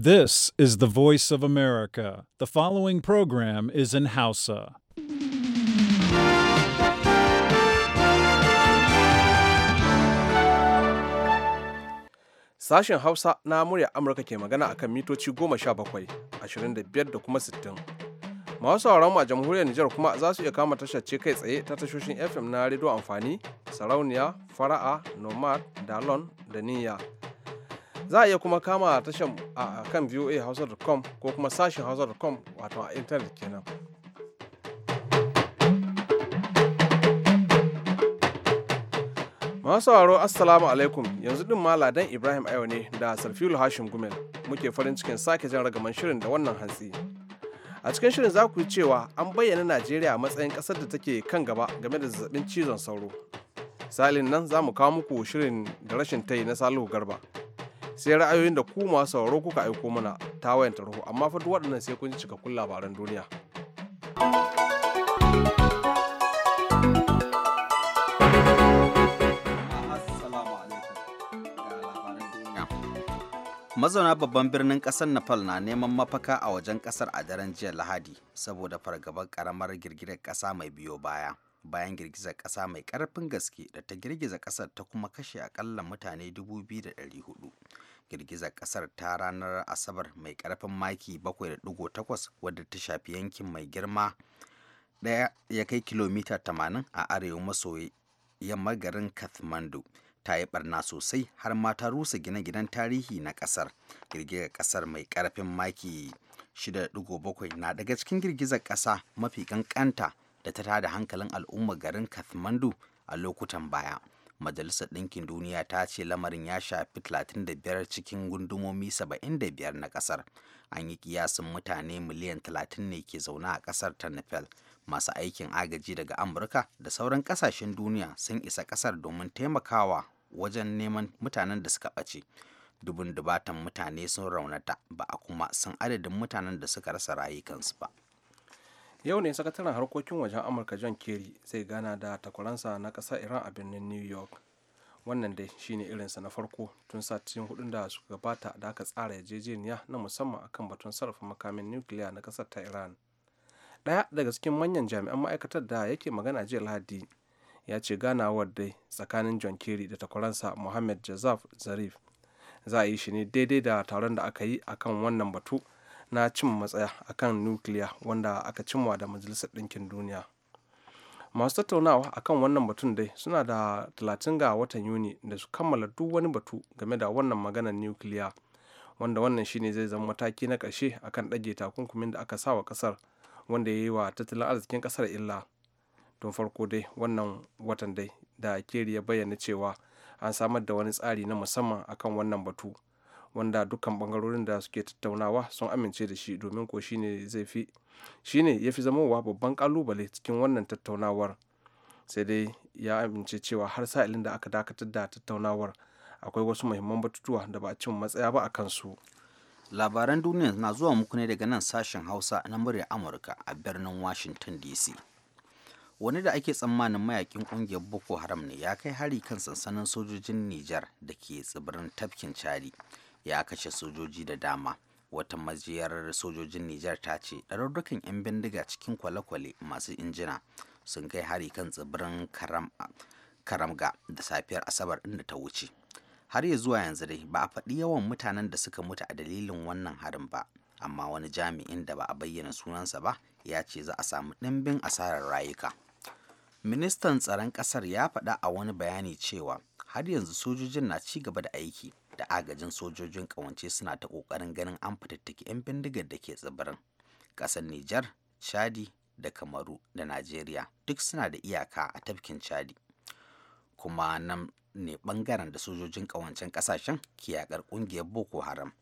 This is the voice of America. The following program is in Hausa. Sashen Hausa na murya Amurka ke magana a kan mitoci 17, 25 da kuma 60. Masu sauran a jamhuriyar Nijar kuma za su iya kama tashar ce kai tsaye ta tashoshin FM na rediyo amfani, sarauniya, fara'a, nomad, dalon da niyya. Za a iya kuma kama tashan a kan voahausa.com ko kuma sashen hausa.com wato a intanet kenan. Masu sauraro Assalamu alaikum yanzu din ma Ladan Ibrahim Ayo ne da Sarfilu Hashim Gumel muke farin cikin sake jan ragaman shirin da wannan hantsi. A cikin shirin za ku yi cewa an bayyana Najeriya a matsayin ƙasar da take kan gaba game da zazzabin cizon sauro. Salin nan za mu kawo muku shirin da rashin tai na Salihu Garba sai ra'ayoyin da ku masu sauraro kuka aiko mana ta wayan tarho amma fa duk waɗannan sai kun ji cikakkun labaran duniya. mazauna babban birnin kasar nepal na neman mafaka a wajen kasar a daren jiya lahadi saboda fargabar karamar girgizar kasa mai biyo baya bayan girgizar kasa mai karfin gaske da ta girgiza kasar ta kuma kashe akalla mutane 2,400 girgizar kasar ta ranar asabar mai karfin maki 7.8 wadda ta shafi yankin mai girma daya ya kai kilomita 80 a arewa maso yamma garin kathmandu ta yi barna sosai har ma ta rusa gine-ginen tarihi na kasar girgizar kasar mai karfin maki 6.7 na daga cikin girgizar kasa mafi kankanta da ta tada hankalin al'ummar garin kathmandu a lokutan baya majalisar ɗinkin duniya ta ce lamarin ya shafi 35 cikin gundumomi 75 na ƙasar an yi kiyasin mutane miliyan 30 ne ke zauna a ƙasar ta nepal masu aikin agaji daga amurka da sauran ƙasashen duniya sun isa ƙasar domin taimakawa wajen neman mutanen da suka ɓace dubun dubatan mutane sun raunata ba a kuma san adadin mutanen da suka rasa rayukansu ba. yau ne sakataren harkokin wajen amurka john kerry zai gana da takwaransa na kasa iran a birnin new york wannan dai shine irinsa na farko tun satin hudun da suka gabata da aka tsara yarjejeniya na musamman akan batun sarrafa makamin nukiliya na ƙasar ta iran ɗaya daga cikin manyan jami'an ma'aikatar da yake magana jiya lahadi ya ce ganawar dai tsakanin john kerry da takwaransa mohammed jazaf zarif za a yi shi ne daidai da taron da aka yi akan wannan batu na cin matsaya a kan nukiliya wanda aka cimma da majalisar ɗinkin duniya masu tattaunawa a kan wannan batun dai suna da 30 ga watan yuni da su kammala duk wani batu game da wannan maganar nukiliya wanda wannan shine zai zama mataki na ƙarshe a kan ɗage takunkumin da aka sa wa ƙasar wanda ya yi wa tattalin arzikin ƙasar illa tun farko dai wannan watan dai da keri ya bayyana cewa an samar da wani tsari na musamman akan wannan batu wanda dukkan bangarorin da suke tattaunawa sun amince da shi domin ko shine zai fi shine ya fi zamowa babban kalubale cikin wannan tattaunawar sai dai ya amince cewa har sa'ilin da aka dakatar da tattaunawar akwai wasu muhimman batutuwa da ba a cin matsaya ba a kansu labaran duniya na zuwa muku ne daga nan sashen hausa na murya amurka a birnin washington dc wani da ake tsammanin mayakin kungiyar boko haram ne ya kai hari kan sansanin sojojin nijar da ke tsibirin tafkin chari ya kashe sojoji da dama wata majiyar sojojin Nijar ta ce ɗarurrukan 'yan bindiga cikin kwale-kwale masu injina sun kai hari kan tsibirin karamga da safiyar asabar inda ta wuce har ya zuwa yanzu dai ba a faɗi yawan mutanen da suka mutu a dalilin wannan harin ba amma wani jami'in da ba a bayyana sunansa ba ya ce za a samu ɗimbin asarar rayuka ministan tsaron ƙasar ya faɗa a wani bayani cewa har yanzu sojojin na ci gaba da aiki da agajin sojojin ƙawance suna ta ƙoƙarin ganin an fitattaki 'yan bindigar da ke tsibirin ƙasar Nijar, Chadi da Kamaru da Najeriya duk suna da iyaka a tafkin Chadi. Kuma nan ne ɓangaren da sojojin ƙawancen ƙasashen ke yakar ƙungiyar Boko Haram.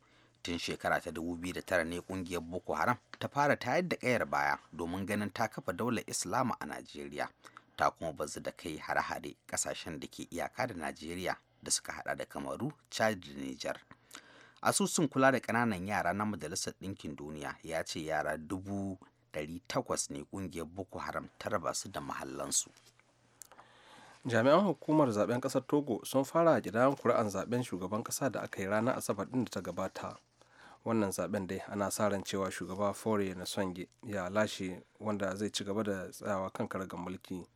Tun shekara ta 2009 ne ƙungiyar Boko Haram ta fara tayar da ƙayar baya domin ganin ta kafa daular Islama a Najeriya. Ta kuma bazu da kai hare-hare ƙasashen da ke iyaka da Najeriya da suka hada da kamaru chad da niger asusun kula da kananan yara na majalisar ɗinkin duniya ya ce yara dubu ɗari takwas ne ƙungiyar boko haram ta raba su da mahallansu jami'an hukumar zaben ƙasar togo sun fara gidan kuri'an zaben shugaban ƙasa da aka yi ranar asabar ɗin da ta gabata wannan zaben dai ana sa ran cewa shugaba fore na songe ya lashe wanda zai ci gaba da tsayawa kan karagar mulki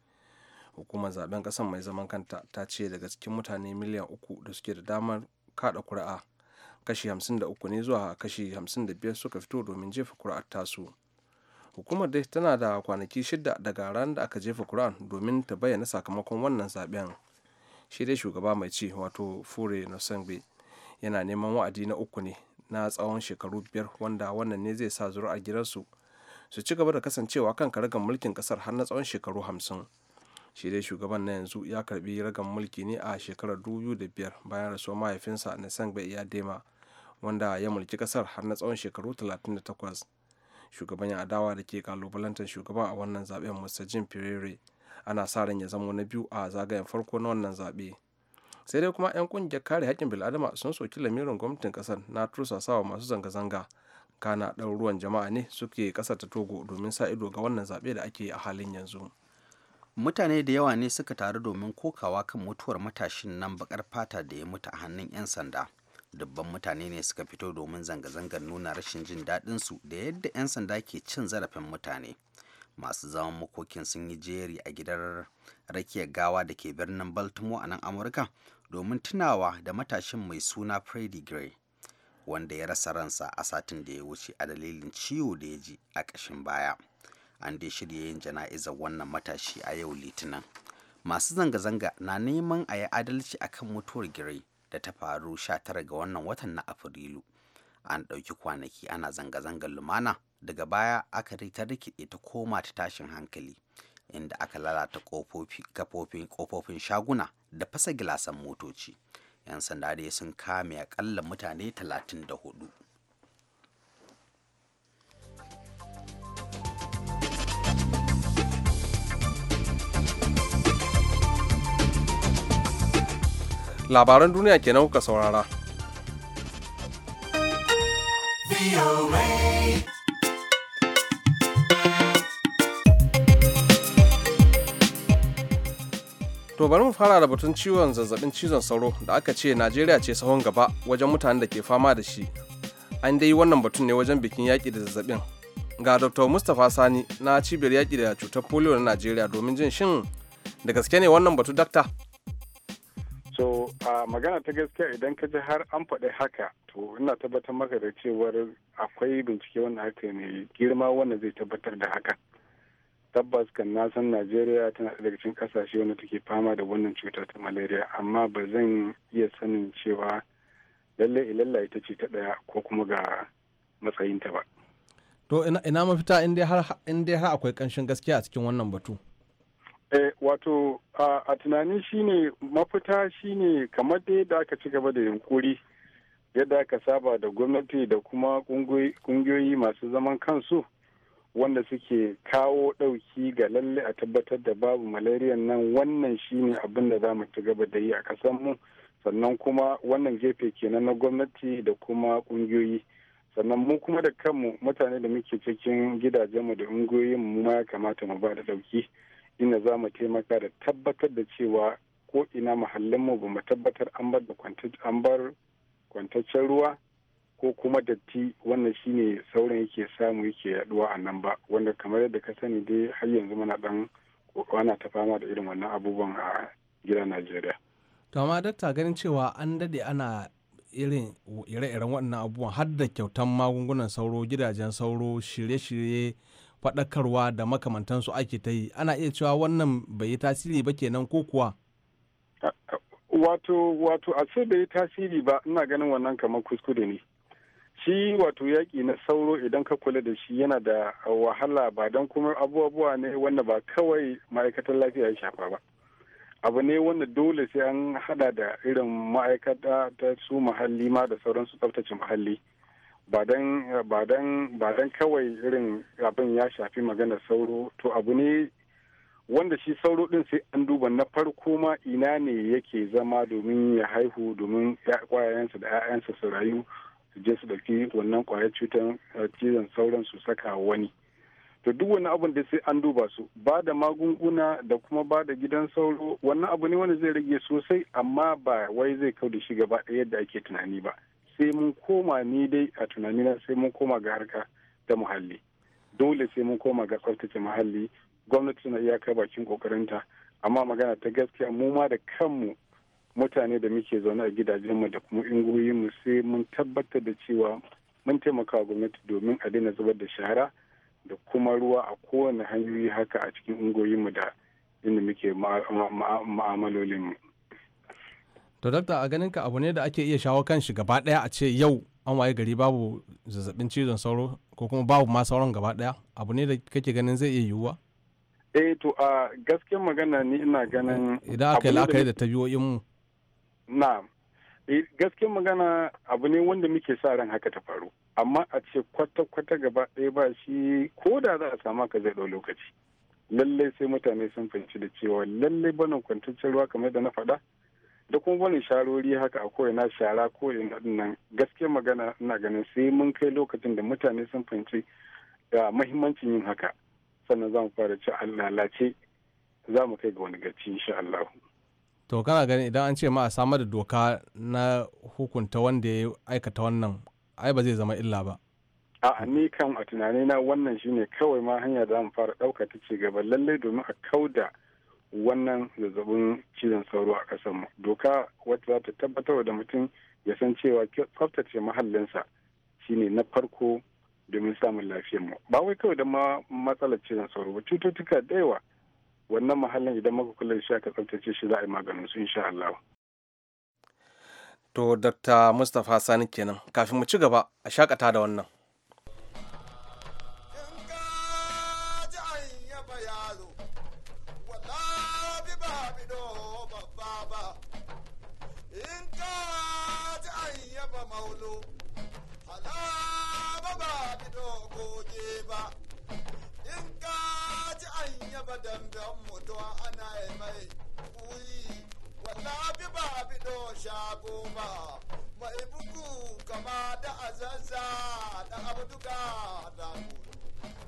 hukumar zaben kasan mai zaman kanta ta ce daga cikin mutane miliyan uku da suke da damar kada kuri'a kashi 53 ne zuwa kashi 55 suka fito domin jefa kuri'ar tasu hukumar dai tana da kwanaki shida daga ran da aka jefa kuri'ar domin ta bayyana sakamakon wannan zaben shi dai shugaba mai ci wato fure nosengbe yana neman wa'adi na uku ne na tsawon shekaru biyar wanda wannan ne zai sa zuri'ar gidansu su ci gaba da kasancewa kan karagar mulkin kasar har na tsawon shekaru hamsin shi dai shugaban na yanzu ya karbi ragan mulki ne a shekarar 2005 bayan rasuwar mahaifinsa na iya dema wanda ya mulki kasar har na tsawon shekaru 38 shugaban ya adawa da ke kalubalantar shugaban a wannan zaben musa jim firere ana sa ran ya zama na biyu a zagayen farko na wannan zaɓe sai dai kuma 'yan kungiyar kare haƙƙin bil'adama sun soki lamirin gwamnatin ƙasar na tursasawa masu zanga-zanga kana ruwan jama'a ne suke ƙasar ta togo domin sa ido ga wannan zaɓe da ake a halin yanzu mutane da yawa ne suka taru domin kokawa kan mutuwar matashin nan bakar fata da ya mutu a hannun 'yan sanda dubban mutane ne suka fito domin zanga-zangar nuna rashin jin daɗinsu da yadda 'yan sanda ke cin zarafin mutane masu zaman makokin sun yi jeri a gidan rakiyar gawa da ke birnin baltimore a nan amurka domin tunawa da matashin mai suna freddy gray wanda ya rasa ransa a satin da ya wuce a dalilin ciwo da ya ji a ƙashin baya an dai shirya yin jana'izar wannan matashi a yau litinin masu zanga-zanga na neman a yi adalci akan mutuwar girai da ta faru 19 ga wannan watan na afrilu an ɗauki kwanaki ana zanga-zangar lumana daga baya aka rita rikide ta koma ta tashin hankali inda aka lalata kofofin shaguna da fasa gilasan motoci 'yan sanda dai sun kame akalla mutane 34 labaran duniya kenan kuka saurara To bari mu fara da batun ciwon zazzabin cizon sauro da aka ce Najeriya ce sahon gaba wajen mutanen da ke fama da shi. An dai wannan batun ne wajen bikin yaƙi da zazzabin. Ga Dr. Mustapha Sani na cibiyar yaƙi da cutar polio na Najeriya domin jin shin da gaske ne wannan batu dakta? a magana ta gaskiya idan ka ji har an faɗi haka to ina tabbatar maka da cewar akwai bincike wanda haka ne girma wanda zai tabbatar da haka tabbas kan na san najeriya tana daga cikin kasashe wanda take fama da wannan cuta ta malaria amma ba zan iya sanin cewa lallai ilallai ta ce ta ɗaya ko kuma ga matsayinta ba to ina mafita in dai har akwai ƙanshin gaskiya a cikin wannan batu Eh, wato a tunani shine mafita shine kamar dai da aka ci gaba da yunkuri yadda aka saba da gwamnati da kuma kungiyoyi masu zaman kansu wanda suke kawo ɗauki ga lalle a tabbatar da babu malariyan nan wannan shine abin da za mu ci gaba da yi a mu sannan kuma wannan gefe kenan na gwamnati da kuma kungiyoyi sannan mu kuma da kanmu mutane da muke cikin gidajenmu da ungoyinmu ma ya kamata mu ba da ɗauki. shine za mu taimaka da tabbatar da cewa ko ina mahallinmu ba mu tabbatar an bar kwantaccen ruwa ko kuma datti wannan shine sauran yake samu yake yaduwa a nan ba wanda kamar yadda ka sani dai har yanzu muna dan ana ta fama da irin wannan abubuwan a gidan Najeriya. To amma dakta ganin cewa an dade ana irin ire-iren wannan abubuwan har da kyautan magungunan sauro gidajen sauro shirye-shirye faɗakarwa da makamantansu ake ta yi ana iya cewa wannan bai yi tasiri ba kenan ko kuwa wato wato a ce bai yi tasiri ba ina ganin wannan kamar kuskure ne shi wato yaƙi na sauro idan ka kula da shi yana da wahala ba don kuma abubuwa ne wanda ba kawai ma'aikatan lafiya ya shafa ba abu ne wanda dole sai an hada da irin ma'aikata ta su muhalli ma da sauransu tsaftace muhalli ba dan kawai irin abin ya shafi magana sauro to abu ne wanda shi sauro din sai an duba na farko ma ina ne yake zama domin ya haihu domin kwayayensa da 'ya'yansa su rayu su je su dauki wannan kwayar cutar eh, cizon sauran su saka wani to duk wani abin da sai an duba su ba da magunguna da kuma ba da gidan sauro wannan abu ne wanda zai rage sosai amma ba wai zai kau da shi gaba yadda ake tunani ba sai mun koma ni dai a na sai mun koma ga harka ta muhalli dole sai mun koma ga tsaftace muhalli gwamnati tana iyaka bakin kokarinta amma magana ta gaskiya mu ma da kanmu mutane da muke zaune a gidajenmu da kuma ingoyinmu sai mun tabbatar da cewa mun taimaka wa gwamnati domin a daina zubar da shara da kuma ruwa a kowane hanyoyi haka a cikin ungoyinmu da inda muke ma'amalolinmu. to dakta a ganin ka abu ne da ake iya shawo kan shi gaba daya a ce yau an waye gari babu zazzabin cizon sauro ko kuma babu ma sauran gaba daya abu ne da kake ganin zai iya yiwuwa eh to a gaskiyar magana ni ina ganin eh, idan aka yi la'akari da tabiyoyin mu na eh, gaskiyar magana abu ne wanda muke sa ran haka ta faru amma a ce kwata-kwata gaba daya ba shi ko da za a samu ka zai ɗau lokaci lallai sai mutane sun fahimci da cewa lallai banan kwantaccen ruwa kamar da na faɗa da kuma sharori haka a ko'ina shara ko ina nan gaske magana na ganin sai mun kai lokacin da mutane sun fahimci da ah, mahimmancin yin haka sannan za mu fara ci lalace za mu kai ga wani gaci insha Allah. To kana ganin idan an ce ma a samar da doka na hukunta wanda ya aikata wannan ai ba zai zama illa ba. A'a ni kan a tunanina wannan shine kawai ma hanya da mu fara ɗauka ta ci gaba lallai domin a kauda da wannan zazzabin cizon sauro a ƙasarmu mu doka wacce za ta tabbatar da mutum ya san cewa tsaftace mahallinsa shine na farko domin samun lafiyar mu ba wai kawai da ma matsalar cizon sauro ba cututtuka da yawa wannan mahallin idan muka kula da shi aka tsaftace shi za a yi maganin su insha Allah to dr mustapha sani kenan kafin mu ci gaba a shakata da wannan guda goma mai bugu kama da azanza da abu duka da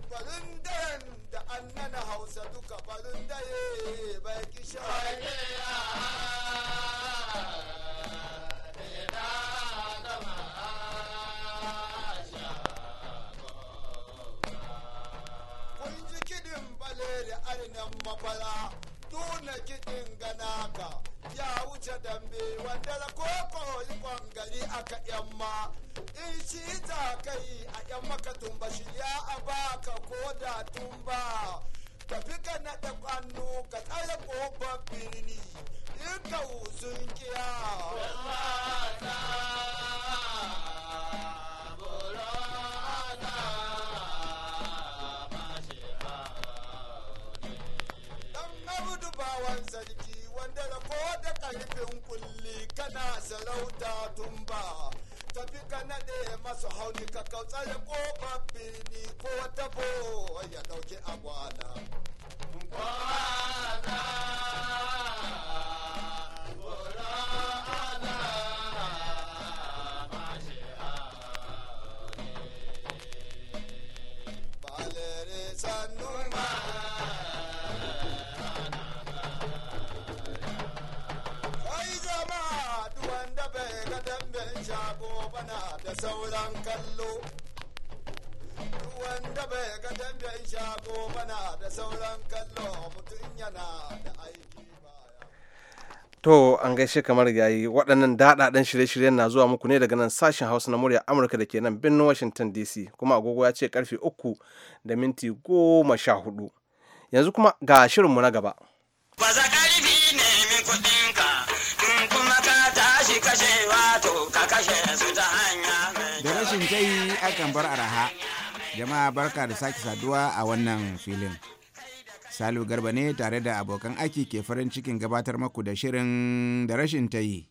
farin dayan da annana hausa duka farin daye bai kisha Kun ji kiɗin bale da arinan mafara, tuna kiɗin ganaka. ya wuce dambe wanda da koko ikon gari aka yamma in shi ta kai a yamma ka tumba shi ya ka ko da tumba tafi ka naɗa kwanu ka tsaya ƙofar birni in ka wuzun kiya sarki kwandala ko da karfin kulli kana sarauta tun ba tafi ka naɗe masu hauni ka kautsar ƙofar birni ko tabo ya ɗauki agwana. Kwana. sauran kallo shago bana da sauran kallo mutum yana da aiki To an gaishe kamar yayi waɗannan daɗaɗen shirye-shiryen na zuwa muku ne daga nan sashen Hausa na murya Amurka da ke nan birnin Washington DC kuma agogo ya ce karfe uku da minti goma sha hudu. Yanzu kuma ga shirinmu na gaba. Baza ƙarfi ne min kuɗinka akan bar araha jama'a barka da sake saduwa a wannan filin salu garba ne tare da abokan aiki ke farin cikin gabatar maku da shirin da rashin ta yi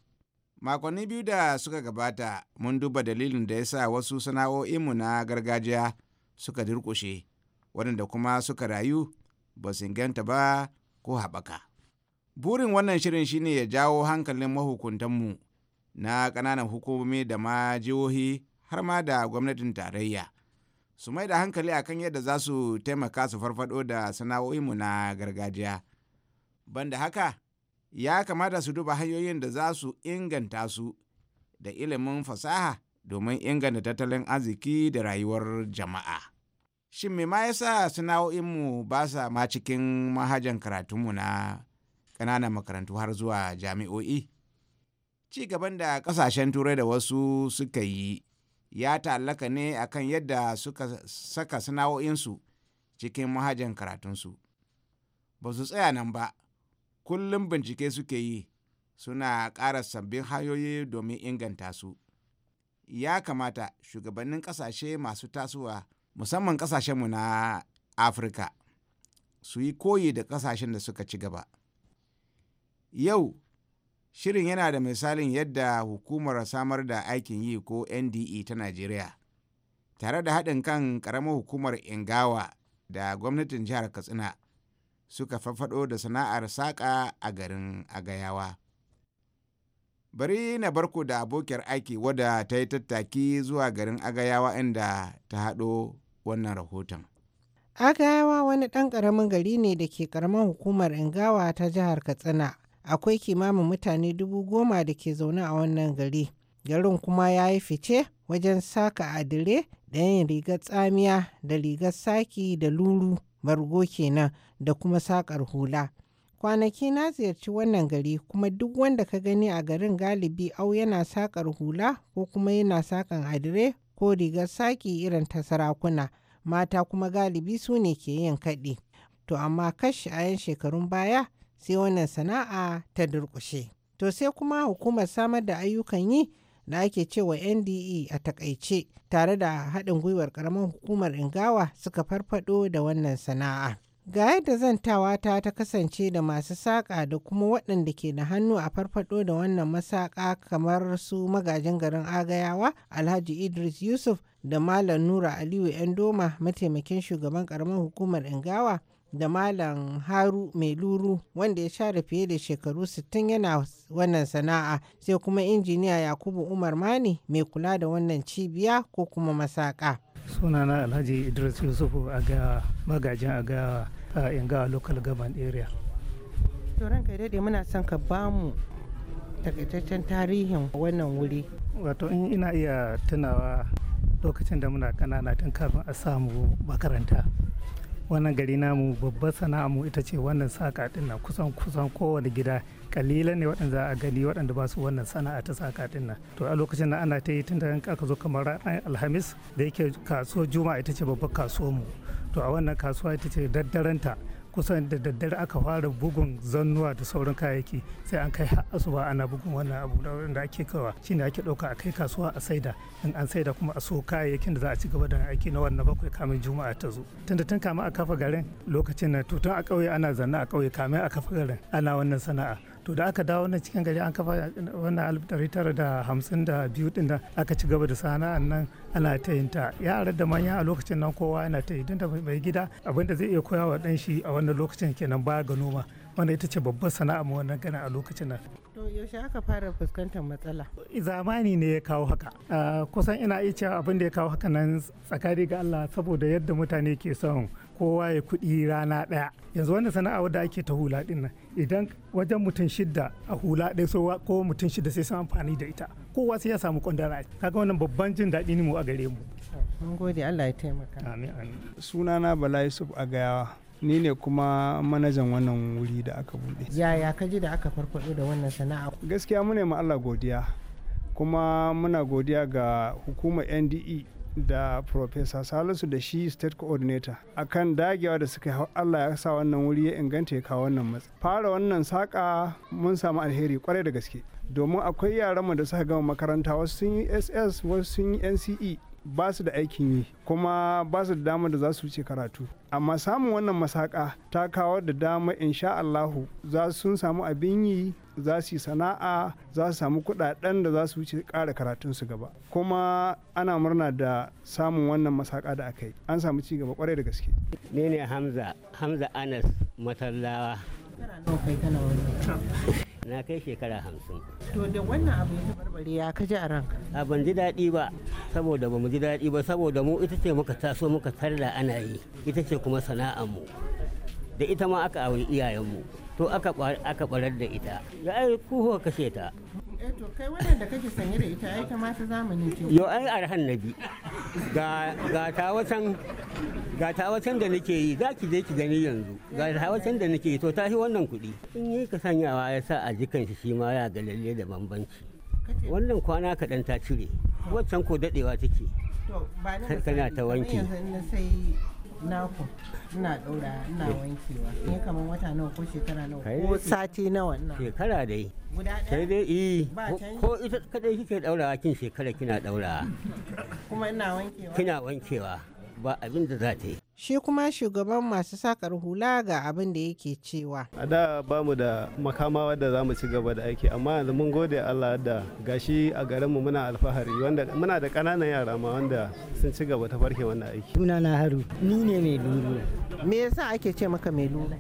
makonni biyu da suka gabata mun duba dalilin da ya sa wasu sana'o'inmu na gargajiya suka durƙushe waɗanda kuma suka rayu ba su inganta ba ko haɓaka burin wannan shirin shine ya jawo hankalin mahukuntanmu na ƙananan hukumomi da ma jihohi har ma da gwamnatin tarayya su mai da hankali akan yadda za su taimaka su farfado da sana'o'inmu na gargajiya banda haka ya kamata su duba hanyoyin da za su inganta su da ilimin fasaha domin inganta tattalin arziki da rayuwar jama'a shin me ma yasa sana'o'inmu ba sa ma cikin mahajan karatunmu na ƙananan makarantu har zuwa jami'o'i ci gaban da ƙasashen turai da wasu suka yi ya ta'allaka ne akan yadda suka saka sana'o'insu cikin mahajin karatunsu ba su tsaya nan ba kullum bincike suke yi suna ƙara sabbin hanyoyi domin inganta su ya kamata shugabannin ƙasashe masu tasowa musamman ƙasashenmu na afirka su yi koyi da ƙasashen da suka ci gaba yau Shirin yana da misalin yadda hukumar samar da aikin yi ko NDE ta Najeriya, tare da haɗin kan ƙaramar hukumar Ingawa da gwamnatin jihar Katsina suka faffaɗo da sana'ar saƙa a garin Agayawa. Bari na barko da abokiyar aiki wadda ta yi tattaki zuwa garin Agayawa inda ta haɗo wannan rahoton. Agayawa wani ɗan ƙaramin gari ne da ke ƙaramin hukumar Ingawa ta jihar Katsina. akwai kimamin mutane dubu goma da ke zaune a wannan gari garin kuma ya yi fice wajen saka adire da yin rigar tsamiya da rigar saki da luru bargo kenan da kuma sakar hula kwanaki na ziyarci wannan gari kuma duk wanda ka gani a garin galibi au yana sakar hula ko kuma yana sakan adire ko rigar saki irin ta sarakuna mata kuma galibi su ne ke yin kaɗi to amma kashi a yan shekarun baya sai wannan sana'a ta durƙushe. To sai kuma hukumar samar da ayyukan yi da ake cewa NDE a takaice tare da haɗin gwiwar ƙaramin hukumar Ingawa suka farfaɗo da wannan sana'a. Ga yadda zantawa ta ta kasance da masu saƙa da kuma waɗanda ke da hannu a farfaɗo da wannan masaƙa kamar su magajin garin Agayawa Alhaji Idris Yusuf da Malam Nura Aliyu Endoma mataimakin shugaban ƙaramin hukumar Ingawa da Malam Haru Mai Luru wanda ya share fiye da shekaru 60 yana wannan sana'a sai kuma injiniya Yakubu Umar Mani mai kula da wannan cibiya ko kuma masaka. Sunana Alhaji Idris Yusufu a ga magajin a ga Ingawa Local Government Area. Turan kai daidai muna son ka bamu takaitaccen tarihin wannan wuri. Wato in ina iya tunawa lokacin da muna kanana tun kafin a samu makaranta. wannan gari namu babbar sana'a mu ita ce wannan saka din nan kusan kusan kowane gida kalilan ne waɗanda za a gani waɗanda ba su wannan sana'a ta saka din nan to a lokacin nan ana ta yi tun da aka zo kamar alhamis da yake kasuwar juma'a ita ce babbar kasuwar mu to a wannan kasuwa ita ce daddaranta kusan da daddare aka fara bugun zannuwa da sauran kayayyaki sai an kai har asuba ana bugun wannan abu da ake kawa shine ake ɗauka a kai kasuwa a saida in an saida kuma a so kayayyakin da za a ci gaba da aiki na wannan bakwai kamin juma'a ta zo tunda tun kama a kafa garin lokacin na tutun a ƙauye ana zanna a ƙauye kamin a kafa garin ana wannan sana'a to da aka dawo wannan cikin gari an kafa wannan alif dari tara da hamsin da biyu ɗin da aka ci gaba da sana'an nan ana ta yin ta yara da manya a lokacin nan kowa yana ta yi da mai gida abin da zai iya koya wa dan shi a wannan lokacin kenan ba ga noma wanda ita ce babbar sana'a mu wannan gana a lokacin nan. To yaushe aka fara fuskantar matsala? Zamani ne ya kawo haka. kusan ina iya cewa abin da ya kawo haka nan tsakani ga Allah saboda yadda mutane ke son kowa ya kuɗi rana ɗaya yanzu wanda sana'a wadda ake ta hula ɗin nan idan wajen mutum shidda a hula ɗaya so ko mutum shidda sai sun amfani da ita kowa sai ya samu kwandara kaga wannan babban jin daɗi ne mu a gare mu mun gode Allah ya taimaka amin sunana Bala Yusuf Agayawa ni ne kuma manajan wannan wuri da aka buɗe yaya ka ji da aka farfaɗo da wannan sana'a gaskiya mu ne ma Allah godiya kuma muna godiya ga hukumar NDE da Professor Salisu da shi State Coordinator akan dagewa da suka hau Allah ya sa wannan wuri ya inganta ya kawo wannan matsa. Fara wannan saƙa mun samu alheri kwarai da gaske. Domin akwai mu da suka gama makaranta wasu sun yi SS wasu sun yi NCE ba su da aikin yi kuma ba su da dama da za su wuce karatu amma samun wannan masaka ta kawo da dama insha Allahu za sun samu abin yi za su yi sana'a za su samu kudaden da za su wuce ƙara karatun su gaba kuma ana murna da samun wannan masaka da aka yi an samu ci gaba kwarai da gaske ne ne hamza hamza anas matallawa na kai shekara hamsin. To da wannan abu ya barbare ya kaji a ranka? A ban ji daɗi ba saboda ba mu ji daɗi ba saboda mu ita ce muka taso muka tarda ana yi ita ce kuma sana'ar mu da ita ma aka auri mu. to aka kwarar da ita Ya ai kuhuwa kashe ta eh, to kai wannan da kake sanye da ita ai ta mata zamani ce yo ai arhan nabi ga ga ta watan ga ta da nake yi za ki je ki gani yanzu ga ta watan da nake yi to ta yi wannan kuɗi in yi ka sanyawa ya sa a jikan shi shi ma ya ga lalle da bambanci wannan kwana kaɗan ta cire waccan ko daɗewa take kana ta wanki naku ina daura ina wankewa ne kamar wata nawa ko shekara nawa ko sati nawa ina shekara dai sai dai eh ko ita kadai kike daura kin shekara kina daura kuma ina wankewa kina wankewa ba abin da za ta yi shi kuma shugaban masu sakar hula ga abin da yake cewa a da ba mu da makamawa da za mu ci gaba da aiki amma yanzu mun gode allah da gashi a garinmu muna alfahari wanda muna da ƙananan yara ma wanda sun ci gaba ta farke wannan aiki suna na haru ni ne mai lulu me yasa ake ce maka mai lulu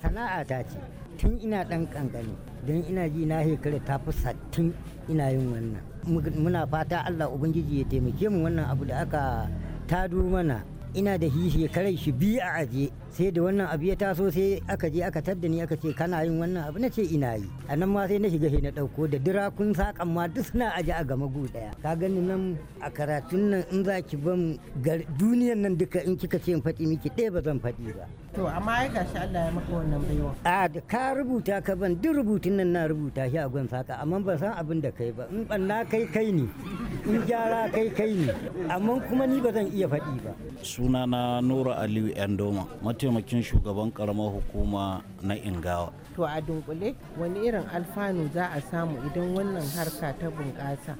sana'a ta ce tun ina ɗan ƙanƙani don ina ji na shekara ta fi sattin ina yin wannan muna fata allah ubangiji ya taimake mu wannan abu da aka ta mana ina da shi shekarar shi biyu a ajiye. sai da wannan abu ya taso sai aka je aka tadda ni aka ce kana yin wannan abu na ce ina yi a nan ma sai na shiga shi na ɗauko da dirakun saƙan ma duk suna aje a gama gu ɗaya ka gani nan a karatun nan in za ki ban duniyan nan duka in kika ce in faɗi miki ɗaya ba zan faɗi ba. to amma ya gashi Allah ya maka wannan baiwa. a ka rubuta ka ban duk rubutun nan na rubuta shi a gwan saƙa amma ban san abin da kai ba in ɓanna kai kai ne in gyara kai kai ne amma kuma ni ba zan iya faɗi ba. sunana Nura Aliyu Yandoma. Mutum mataimakin shugaban karamar hukuma na ingawa to a dunkule wani irin alfanu za a samu idan wannan harka ta bunƙasa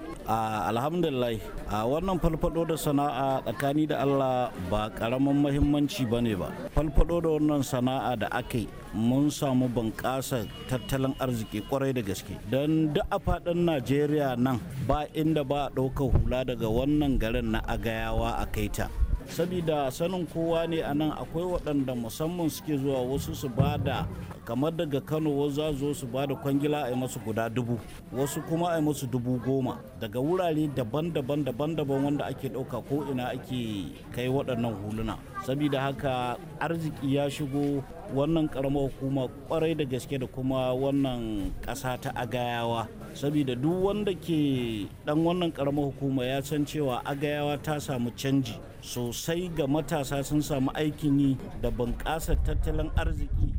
alhamdulillah a wannan falfado da sana'a tsakani da allah ba karamin mahimmanci ba ne ba falfado da wannan sana'a da aka yi mun samu bunƙasa tattalin arziki kwarai da gaske don duk a faɗin najeriya nan ba inda ba a ɗaukar hula daga wannan garin na agayawa a kaita saboda sanin kowa ne a nan akwai waɗanda musamman suke zuwa wasu su ba da kamar daga kano wasu za zo su ba da kwangila a yi masu guda dubu wasu kuma a yi masu dubu goma daga wurare daban-daban daban-daban wanda ake ɗauka ko ina ake kai waɗannan huluna saboda haka arziki ya shigo wannan karamar hukuma kwarai da gaske da kuma wannan ƙasa ta agayawa saboda duk wanda ke dan wannan karamar hukuma ya san cewa agayawa ta samu canji sosai ga matasa sun samu aikin yi da bunƙasar tattalin arziki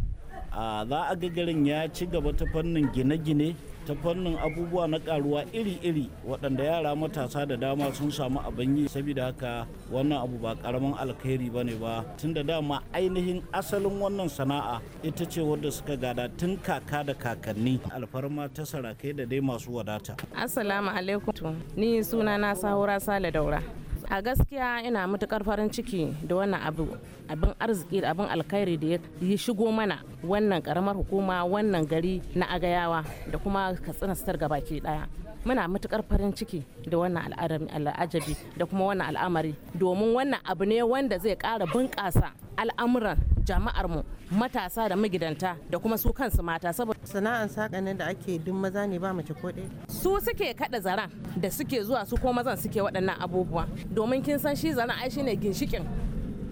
za a ga garin ya ci gaba ta fannin gine-gine ta fannin abubuwa na karuwa iri-iri waɗanda yara matasa da dama sun samu abin yi saboda haka wannan abu ba karamin alkhairi ba ne ba tun da dama ainihin asalin wannan sana'a ita ce wadda suka gada tun kaka da kakanni alfarma ta sarakai da dai masu wadata assalamu alaikum ni suna na sahura sale daura a gaskiya ina matukar farin ciki da wannan abu abin arziki da abin alkhairi da ya shigo mana wannan karamar hukuma wannan gari na agayawa da kuma katsina sitar gabaki daya muna matukar farin ciki da wannan al'ajabi da kuma wannan al'amari domin wannan abu ne wanda zai kara bunƙasa al'amuran jama'ar mu matasa da magidanta da kuma su kansu mata saboda sana'an sakanin da ake duk maza ne ba mace ko ɗaya su suke kada zara da suke zuwa su ko mazan suke waɗannan abubuwa domin kin san shi zara ai shine ginshikin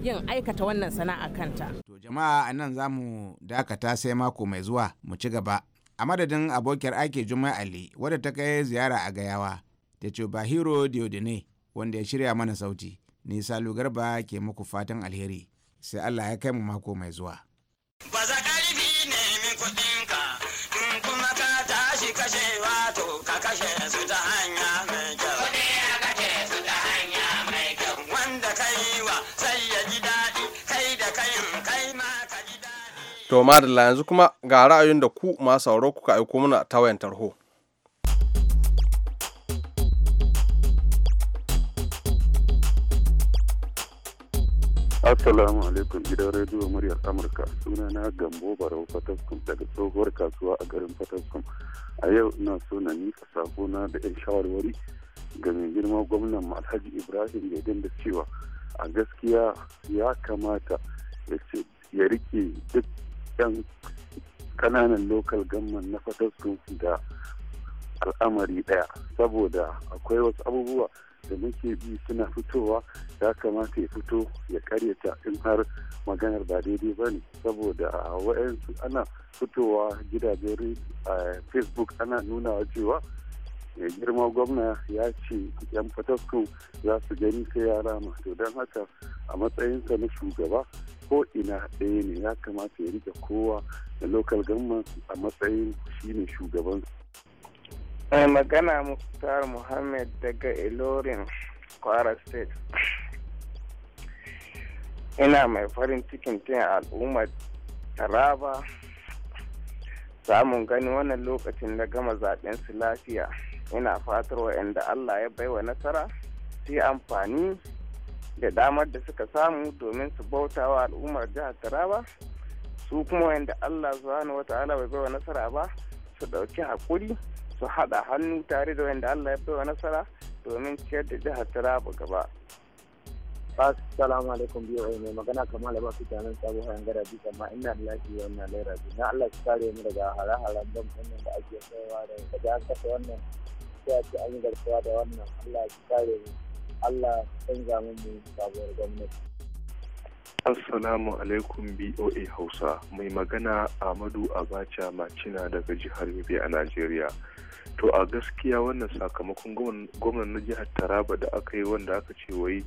yin aikata wannan sana'a kanta to jama'a anan zamu dakata sai mako mai zuwa mu ci gaba a madadin abokiyar ake juma ali wadda ta kai ziyara a gayawa da ce bahiro diodine wanda ya shirya mana sauti ni salu garba ke muku fatan alheri sai allah ya kai mu mako mai zuwa. ne min kuɗi To da yanzu kuma ga ra'ayin da ku ma sauro kuka aiko mana ta wayan tarho. Assalamu alaikum gidan rediyo muryar Amurka suna na Gambo Barau Fataskum daga tsohuwar kasuwa a garin Fataskum. A yau ina so na nika na da 'yan shawarwari ga mai girma gwamnan Alhaji Ibrahim Gaidin da cewa a gaskiya ya kamata ya rike duk yan kananan lokal gamman na su da al'amari daya saboda akwai wasu abubuwa da muke bi suna fitowa ya kamata ya fito ya karyata in har maganar ba daidai ba ne saboda wa'yansu ana fitowa gidajen facebook ana nuna cewa ya eh, girma gwamna ya ce yan fatasko za su gani sai yara ma to don haka a matsayinsa na shugaba ko ina ɗaya ne ya kamata ya rike kowa da local government a matsayin shine shugaban mai magana muktar muhammad daga ilorin kwara state ina mai farin cikin tun al'ummar taraba samun gani wannan lokacin da gama zaɓen su lafiya ina fatar wa'anda allah ya baiwa nasara sai amfani da damar da suka samu domin su bauta wa al'ummar jihar taraba su kuma wanda allah subhanahu ala bai baiwa nasara ba su ɗauki hakuri su haɗa hannu tare da wanda allah ya baiwa nasara domin ciyar da jihar taraba gaba Assalamu alaikum biyu mai magana kamar ba su nan sabo hayan gara bi ma ina da lafiya wannan bi na Allah su kare mu daga hare-haren don wannan da ake kaiwa da daga an kasa wannan sai a ce an yi garkuwa da wannan Allah su kare mu Allah canza mu sabuwar gwamnati. Assalamu alaikum BOA Hausa mai magana amadu Abacha Macina daga jihar Yobe a Najeriya. To a gaskiya wannan sakamakon gwamnan na jihar Taraba da aka yi wanda aka ce wai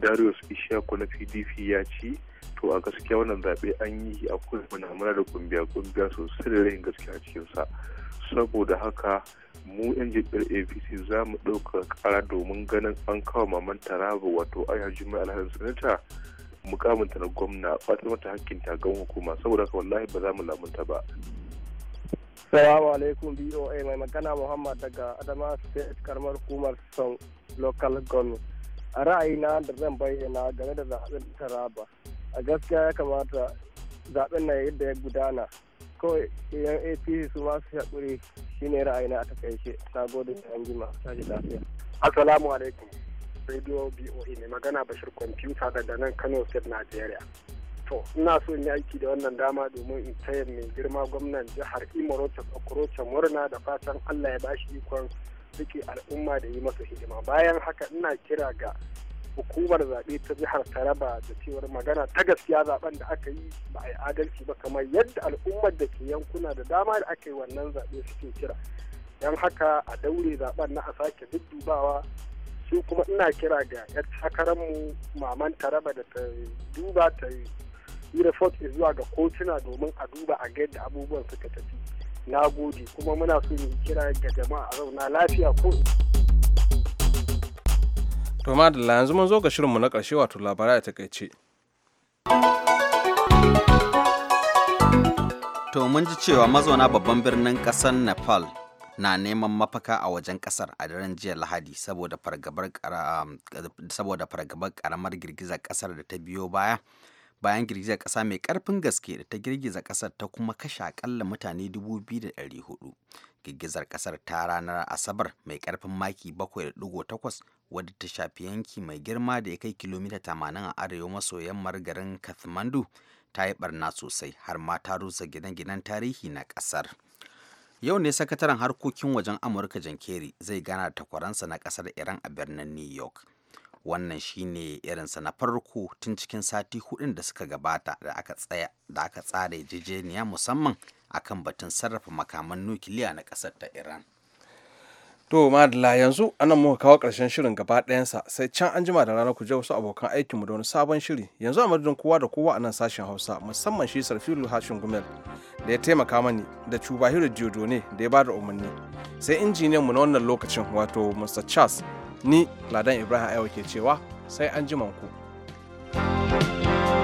Darius Ishaku na PDP ya ci to a gaskiya wannan zaɓe an yi a akwai munamuna da kumbiya-kumbiya sosai da rayin gaskiya a cikinsa. saboda haka mu yan jam'iyyar apc za mu ɗauka kara domin ganin an kawo maman taraba wato aya jimai alhassan sanata mukaminta na gwamna fatan mata hakkin ta gan hukuma saboda haka wallahi ba za mu lamunta ba Salamu alaikum BOA mai magana Muhammad daga Adama State karamar hukumar son local government. A ra'ayina da zan bayyana game da zaɓen Taraba. A gaskiya ya kamata zaɓen na yadda ya gudana kawai yan apc su ba su haƙuri shine ra'ayina a takaice na gode da an jima ta ji lafiya assalamu alaikum radio boe mai magana bashir kwamfuta daga nan kano state nigeria to ina so in yi aiki da wannan dama domin in taya mai girma gwamnan jihar imorocha okorocha murna da fatan allah ya bashi ikon rike al'umma da yi masa hidima bayan haka ina kira ga hukumar zaɓe ta jihar taraba da cewar magana ta gaskiya zaɓen da aka yi ba a yi adalci ba kamar yadda al'ummar da ke yankuna da dama da aka yi wannan zaɓe suke kira don haka a daure zaɓen na a sake dudubawa su kuma ina kira ga yar takararmu maman taraba da ta duba ta yi report zuwa ga kotuna domin a duba a ga yadda abubuwan suka tafi na gode kuma muna so mu kira ga jama'a a zauna lafiya ko To da yanzu mun zo ga shirinmu na ƙarshe wato labarai a takaice. To mun ji cewa mazauna babban birnin ƙasar Nepal na neman mafaka a wajen ƙasar a daren jiya Lahadi saboda fargabar um, ƙaramar girgizar ƙasar da ta biyo baya bayan girgizar ƙasa mai ƙarfin gaske da ta girgiza ƙasar ta kuma kashe akalla mutane 2,400 girgizar ƙasar ta ranar asabar mai karfin maki 7.8 wadda ta shafi yanki mai girma da ya kai kilomita 80 a arewa maso yammar garin kathmandu ta yi barna sosai har ma ta rusa gidan-gidan tarihi na ƙasar yau ne sakataren harkokin wajen amurka jan kerry zai gana da takwaransa na ƙasar iran a birnin new york wannan shine irinsa na farko tun cikin sati hudun da suka gabata da aka tsara jijeniya musamman akan batun sarrafa makaman nukiliya na kasar ta iran to madala yanzu anan muka kawo karshen shirin gaba ɗayansa sai can an jima da rana ku je wasu abokan aikinmu da wani sabon shiri yanzu a madadin kowa da kowa a nan sashen hausa musamman shi sarfilu hashin gumel da ya taimaka mani da cuba cubahiru ne da ya ba da umarni sai injiniyan mu na wannan lokacin wato mr charles ni ladan ibrahim aiwa ke cewa sai an ku. thank you